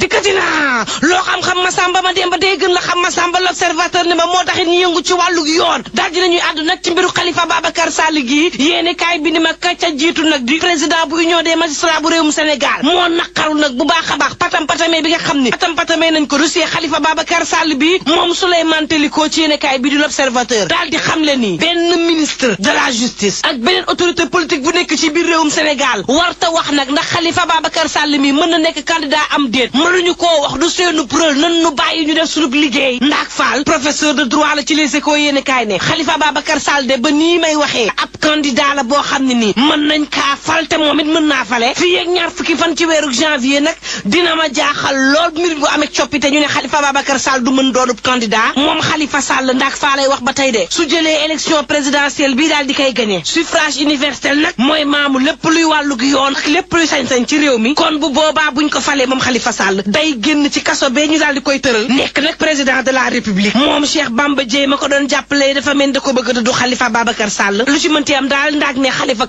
dikkati naa loo xam-xam ma sàmba ma demba day gën la xam ma sàmba l'observateur ni ma moo tax taxit ñu yëngu ci wàllu yoon daal dinañuy àddu nag ci mbiru Khalifa Babacar Sall gi yéene kaay bi ni ma ka ca jiitu nag di président bu union des magistrats bu réewum Sénégal moo naqaru nag bu baax a baax patam patamee bi nga xam ni patam patamee nañ ko russie Khalifa Babacar Sall bi moom Souleymane Teliko ci yéene kaay bi di l'observateur daal di xam le ni benn ministre de la justice ak beneen autorité politique bu nekk ci biir réewum Sénégal warta wax nag ndax Khalifa Babacar Sall mi mën na nekk am déet ñu ko wax du seenu preuve nan nu bàyyi ñu def sunub liggéey ndaak Fall professeur de droit la ci les écoles yéeni kaay ne Khalifa Babacar Sall de ba nii may waxee ab candidat la boo xam ne nii mën nañ kaa falte moom it mën naa fale fii ak ñaar fukki fan ci weeru janvier nag dina ma jaaxal lool mbir bu amee coppite ñu ne Khalifa Babacar Sall du mën doonub candidat moom xalifa Sall ndax faa lay wax ba tey de su jëlee élection présidentielle bii daal di koy gagné suffrage universel nag mooy maamu lépp luy wàllug yoon ak lépp luy sañ-sañ ci réew mi kon bu boobaa buñ ko falee moom Khalifa Sall day génn ci kaso bee ñu daal di koy tëral nekk nag président de la république moom Cheikh Bamba Dièye ma ko doon jàppale dafa mel da ko bëgg a du Khalifa Babacar Sall lu ci mënti am daal ndaag ne Khalifa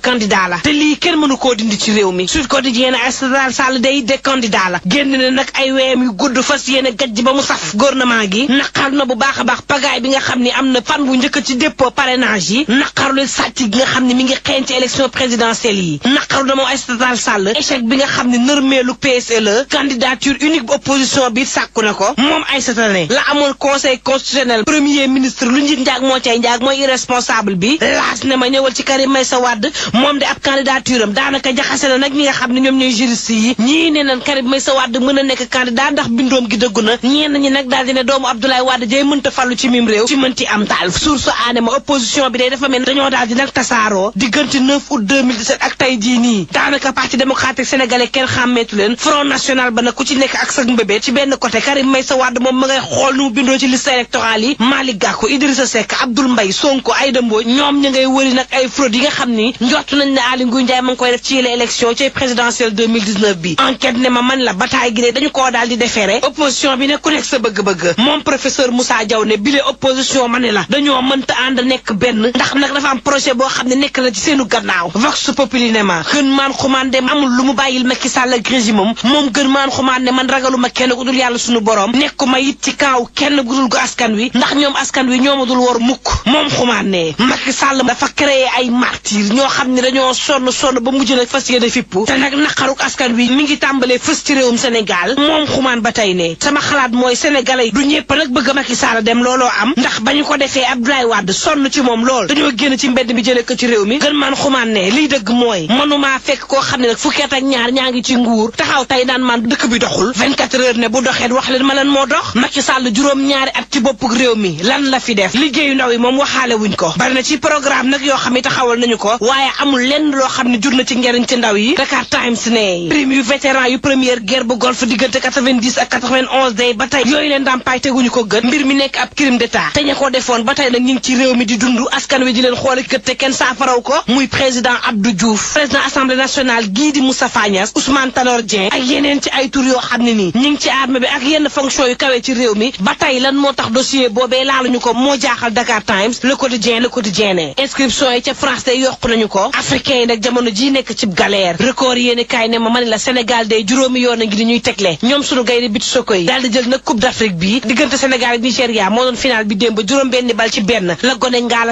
la te lii kenn mënu koo dindi ci réew mi su ko di day de candidat la na nag ay weem yu gudd fas yéene mu saf gouvernement gi naqar na bu baax a baax pagaay bi nga xam ni am na fan bu njëkk ci dépôt parrainage yi naqarlu sàcc gi nga xam ne mi ngi xeeñ ci élection présidentielle yi naqaru na moom Aïssata Tall Sall échec bi nga xam ne nërmeelu PSE la candidature unique bu opposition bi sàkku ko moom Aïssata ne la amoon conseil constitutionnel premier ministre lu njiit njaag moo cay njaag mooy irresponsable bi laas ne ma ñëwal ci Karim Meïssa Wade moom de ab candidature am daanaka jaxase na nag ñi nga xam ne ñoom ñooy juriste yi ñii ne nan Maysa Wade mën a nekk candidat ndax bindoom gi dëggu na ñi nag daal di ne doomu Abdoulaye Wade jay mënta fallu ci mim réew ci mënti am ma opposition bi day dafa ak tey jii daanaka parti démocratique sénégalais kenn xàmmeetu leen front national ba nag ku ci nekk ak sa mbébét ci benn côté Karim Maysa Wade moom ma ngay xool nu mu bindoo ci liste électorale yi Malick Gakou Idrissa Seck Abdoul Mbaye Sonko Aïda Mbodj ñoom ña ngay wëri nag ay fraude yi nga xam ni njort nañ ne man la bataay gi de dañu koo daal di defere opposition bi ne nekk sa bëgg-bëgg moom professeur Moussa Diaw ne bile opposition ma ne la dañoo mënta ànd nekk benn ndax nag dafa am projet boo xam ne nekk na ci seenu gannaaw vox populi ne ma gën maan xumaan de amul lu mu bàyyil Macky Sall ak régimam moom gën maan xumaan ne man ragaluma kenn ku dul yàlla suñu borom nekkuma it ci kaaw kenn ku dul gu askan wi ndax ñoom askan wi ñooma dul war mukk moom xumaan ne Macky Sall dafa créé ay martyrs ñoo xam ne dañoo sonn sonn ba mujj nag fas yéene fippu te nag naqaruk askan wi des ci réewum Sénégal moom xumaan ba tey ne sama xalaat mooy sénégalais du ñëpp nag bëgg Macky Sall dem looloo am ndax ba ñu ko defee Abdoulaye Wade sonn ci moom lool dañoo génn ci mbedd mi jëlee ko ci réew mi gën man xumaan ne liy dëgg mooy mënumaa fekk koo xam ne nag fukkeet ak ñaar ñaa ngi ci nguur taxaw tey daan man dëkk bi doxul 24 heures ne bu doxee wax leen ma lan moo dox Macky Sall juróom-ñaari at ci bopp réew mi lan la fi def liggéeyu ndaw yi moom waxaale ko bari ci programme nag yoo xam ne taxawal nañu ko waaye amul lenn loo xam ne jur na ci njëriñ ci ndaw yi Dakar première guerre bu golfe diggante 90 ak 91 day ba yooyu leen ndàmpaay teguñu ko gën mbir mi nekk ab crime d'état te ña defoon ba nag ñu ci réew mi di dund askan wi di leen xoole gët te kenn saafaraw ko muy président Abdou Diouf président assemblée nationale gii di Moustapha Niasse Ousmane ak yeneen ci ay yoo xam ne nii ñu ci armée bi ak yenn fonction yu kawee ci réew mi ba lan moo tax dossier boobee laaluñu ko moo jaaxal juróomi yoon a ngi di ñuy tegle ñoom sunu gaynde bit soko yi daal di jël nag coupe d' afrique bi diggante sénégal ak nigéria moo doon final bi démb juróom benn bal ci benn la gone daal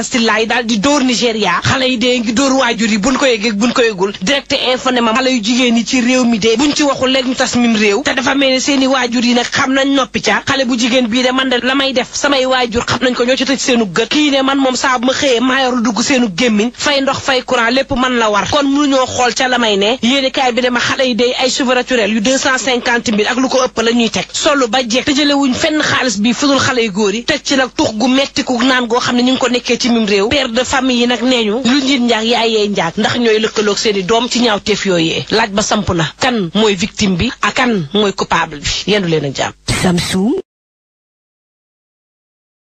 di dóor nigéria xale yi dee ngi dóor waajur yi buñ ko yëgee buñ ko yëgul direct info ne ma xale jigéen yi ci réew mi dee buñ ci waxu léegi ñu tas min réew te dafa mel ni i waajur yi nag xam nañ noppi ca xale bu jigéen bii de man la may def samay waajur xam nañ ko ñoo ci tëj seenu gët kii ne man moom saa bu ma xëyee maayoru dugg seenu gémmiñ fay ndox fay courant lépp man la war kon mënuñoo xool ca la may ne yéeni xale yi day ay cheveux naturels yu deux cent cinquante mille ak lu ko ëpp la ñuy teg solo ba jekk tëjalewuñ fenn xaalis bi fudul xale yu góor yi teg ci nag tux gu metti naan goo xam ne ñu ngi ko nekkee ci mim réew père de famille yi nag nee ñu lu njiit njaag yaayee njaag ndax ñooy lëkkaloog seeni doom ci ñaaw teef yooyee laaj ba samp na kan mooy victime bi ak kan mooy coupable bi yendu leen ak jàmm